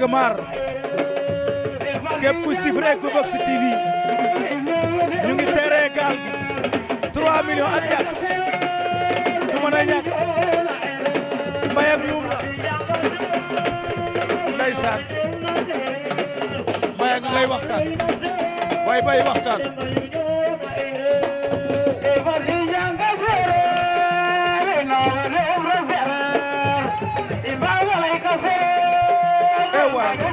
yàgg maar képp ku suivre Equivox TV ñu ngi gi 3 millions ak jax du mën a ñàkk mbayam yuum la ndeysaan mbaya nga ngay waxtaan bay waxtaan Thank you.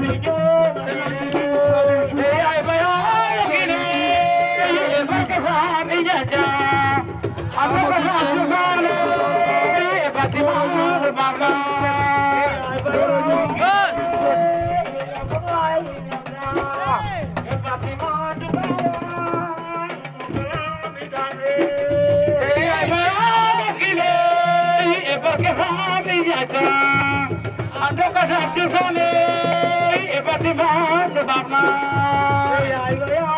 I'm not gonna have to Pati Pati Pati Pati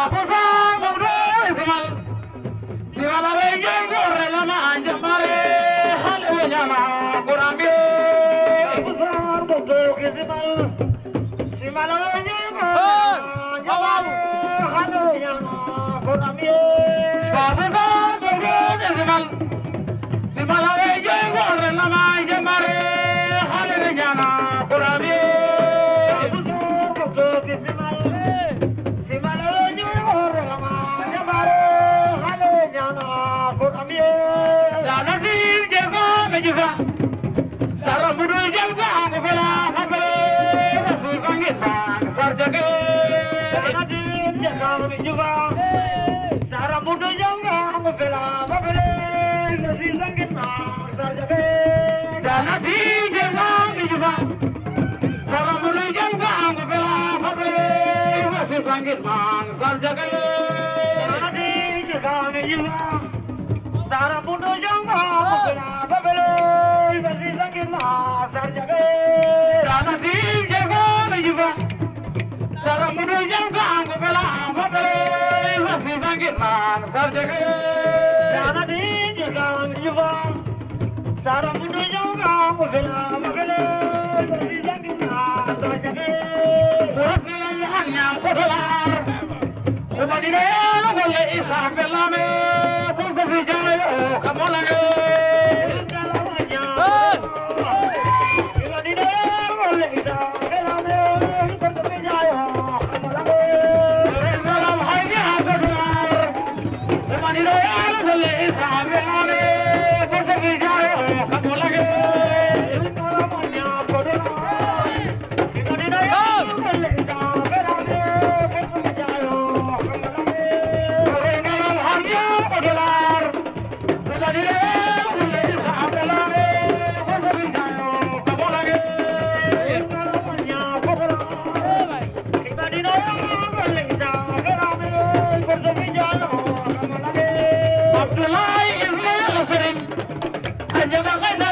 Simbala we jengo re lama Sangit man, sarjagaye. Adi jagane yilwa. saramudu jam ka angu bela amba bele wasi sangit mang sarjege jana di Abdoulaye Ismaïla Sëriñ a jega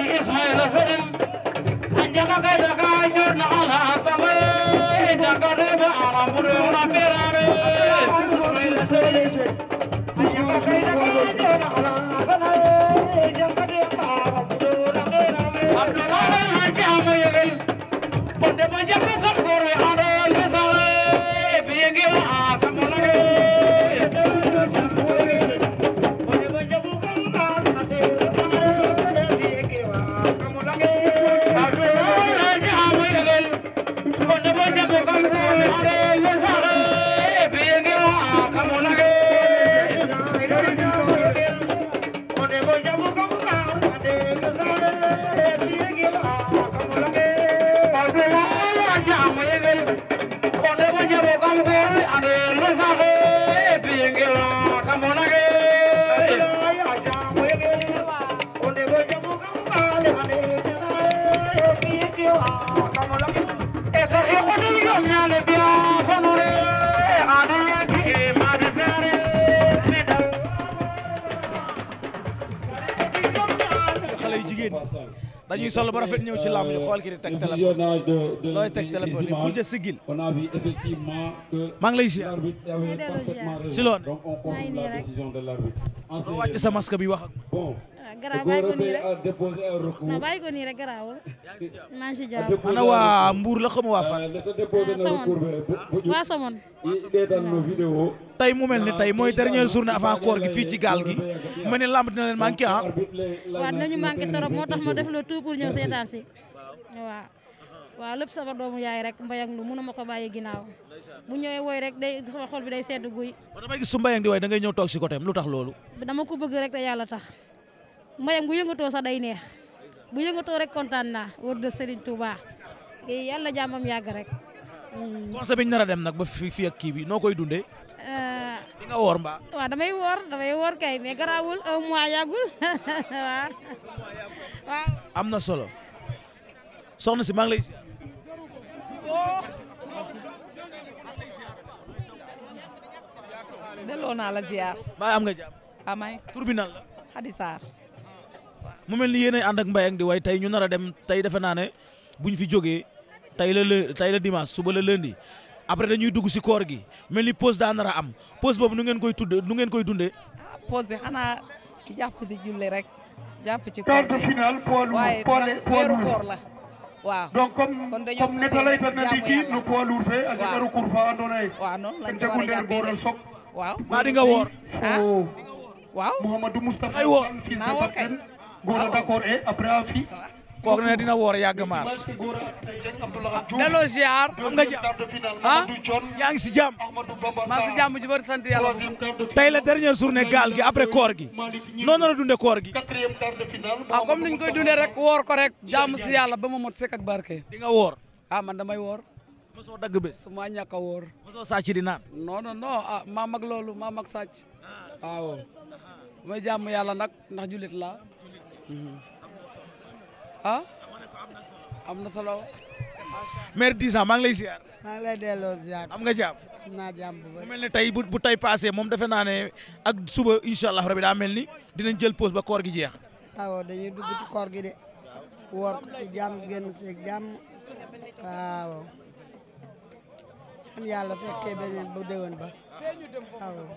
Ismaila Salim anjama kay daga ñor na ala sama daga de ba na perabe anjama kay daga ñor na ala ba jama yegal kongo kongo ande nusako epiyengelo tamonage dañuy sol ba rafet ñëw ci làmb ñu xool ki di teg téléphone looy teg téléphone yi Khoudia Sigil maa ngi lay ziar si loon ma wàcc sa masque bi wax ak ah, garaaw bàyyi ko nii garaawul maa ngi si jàmm ana waa Mbour la xam waa fan euh, ah, waa Somone waa Somone tey mu mel ni tey mooy dernière journée avant koor gi fii ci gaal gi ma ne lamb dina leen manqué ah. waaw dinañu manqué trop moo tax ma def le tout pour ñëw seetaan si waaw. waaw sama doomu yaay rek mbayang lu mënuma ko bàyyi ginnaaw bu ñëwee woy rek day soo xol bi day sedd guy. ba su mbayang di woy da ngay ñëw toog si côté lu tax loolu. dama ko bëgg rek te yàlla tax mbayang bu yëngatoo sax day neex bu yëngatoo rek kontaan naa wër de Serigne Touba yàlla jàmmam yàgg rek. conseil bi ñu dem nag ba fii ak kii bi noo koy dundee. di nga woor mbaa. waaw damay woor damay kay mais garaawul un mois yàggul waaw. waaw. am na solo. soxna si maa ngi lay. delloo naa la ziar. mbaa am nga jàmm. waaw ah, maa bi nan la. Xadi mu mel ni yéen a ànd di way tey ñu nar a dem tey defe naa ne bu ñu fi jógee tey la tey la dimanche suba la lundi. après dañuy dugg si koor gi mel ni poos daanara am pause boobu nu ngeen koy tudd nu ngeen koy dundee. ah pause bi xanaa jàpp ci julli rek jàpp ci koor bi waaye nag weeru koor la waaw. donc comme comme waaw noonu lañ ko war a jàppee de waaw. maa di woor. ah, ah. Oh. waaw. Mouhamadou Moustapha. ay woor kay. góor a d'accord après a fi. kooku na dina woor yàgg maar. delloo ziar. am ah? yaa ngi si jàmm. maa si jàmm ji bëri sant yàlla bu tey la dernière journée gaal gi après koor gi noonu la koor gi. ah comme niñ koy dundee rek woor ko rek jaamu si yàlla ba ma mot sekk barke. di nga woor. ah man damay woor. mosoo dagg bés. su ma ñàkk a woor. mosoo sàcc di naan. non non non ah loolu maa mag sàcc. Ah. Ah, may jàmm yàlla nag ndax jullit la ah am na solo maire Disa maa ngi lay ziar. maa ngi lay delloo am nga jàmm. am naa jàmm bu bëri. mel ne tey bu bu tey passé moom defe naa ne ak suba incha allah rabi daa mel ni dinañ jël pause ba koor gi jeex. waaw dañuy dugg ci koor gi de. woor ko ci jàmm génn seeg jàmm. waaw. ñaan yàlla fekkee bu déwén ba waaw.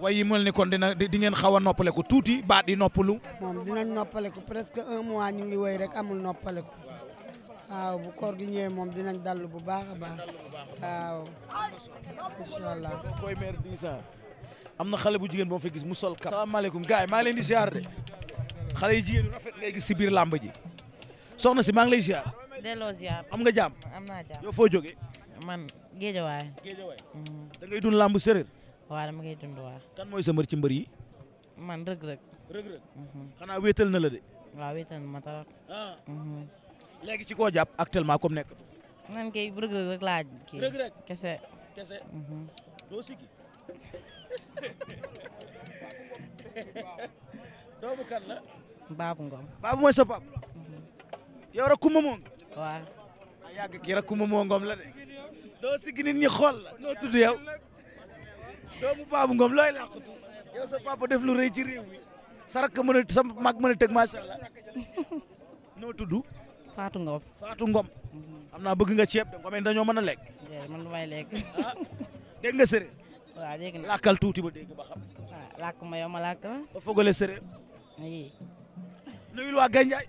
waaye yi mel ni kon dina di ngeen xaw a noppaleku tuuti baat yi noppalu. moom dinañ noppaleku presque un mois ñu ngi woy rek amul noppaleku waaw bu kor gi ñëwee moom dinañ dallu bu baax a baax waaw incha allah. koy am na xale bu jigéen boo fa gis mu sol kap. salaamaaleykum gars yi maa leen di ziar de xale yi jigéen yu rafet ngay gis si biir làmb ji soxna si maa ngi lay ziar. delloo ziar am nga jàmm. am naa jàmm foo jógee. man géejawaay. géejawaay mm-hmm. da làmb séréer. waaw dama koy dund waaw. kan mooy sa mbër ci mbër man rëg-rëg. rëg-rëg. Mhm. xanaa wéetal la de. waaw wéetal na ma trop. Ah. Mhm. léegi ci koo jàpp actuellement comme nekk. nan kay rëg-rëg rek laa kese. kese. Mhm. doo sigi. moo nga. waaw. a yàgg ngoom la de. doo sigi nit ñi la noo tudd doomu Babou Ngom looy làqatu yow sa papa def lu rëy ci réew mi sa rakk mën a sa mag mën a tëg macha noo tudd. Fatou Ngom Fatou Ngom. Mhm. xam naa bëgg nga ceeb da nga dañoo mën a lekk. man lu may lekk. Ah, nga séeréer. waaw tuuti ba dégg ba xam. waaw ah, ma yow ma làkk la. ba fogale séeréer. oui. nuyul waa Gandiaye.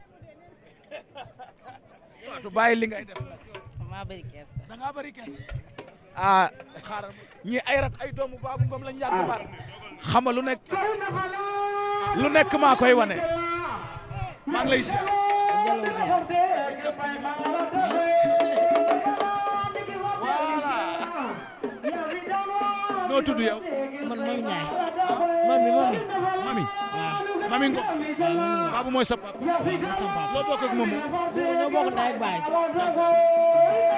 Fatou bàyyi li ngay def. maa ah ñi ay rak ay doomu baabu ngom lañ yàgg baat xama lu nekk lu nekk maa koy wane maa ngi lay si voilà noo tudd yow man mami ñaay mami mami mami waaw mami ngom baabu mooy sa papa loo bokk ak moom ñoo bokk ndaay baay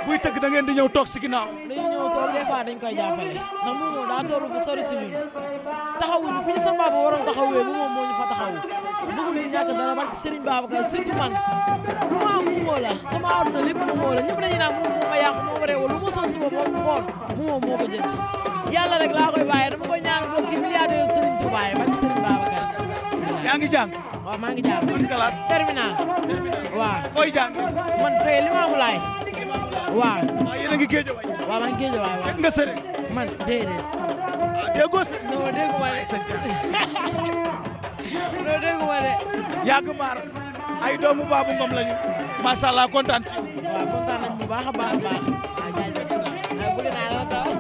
buy tëgg da ngeen di ñëw toog si ginnaaw. dañuy ñëw toog des fois dañ koy jàppale ndax mu moom daa toll fu sori si ñun taxawuñu fi ñu sama baaba waroon taxawee mu moom moo ñu fa taxawu bëggul ñu ñàkk dara barke Serigne man lu ma am mu moo la sama àdduna lépp mu moo la ñëpp dañuy naan moom moo ma yàqu moo ma réewal lu ma sol suba moom xool mu moom moo ko jënd yàlla rek laa koy bàyyee dama koy ñaan bokk ci milliardaire Serigne Touba yi barke Serigne Babacar. yaa ngi jàng. waaw maa ngi jàng. ban classe. terminal. terminal waaw. fooy jàng. man waaw. waaw a ngi géej waay. waaw maa ngi géej waay waaw. dégg man déedéet. ah déggoo sëriñ. non déggu ma de. non déggu ma de. yàgg maar ay doomu baabu ngom lañu. macha allah kontaan ci. waaw baax a baax a baax. waaw jaajëf naa la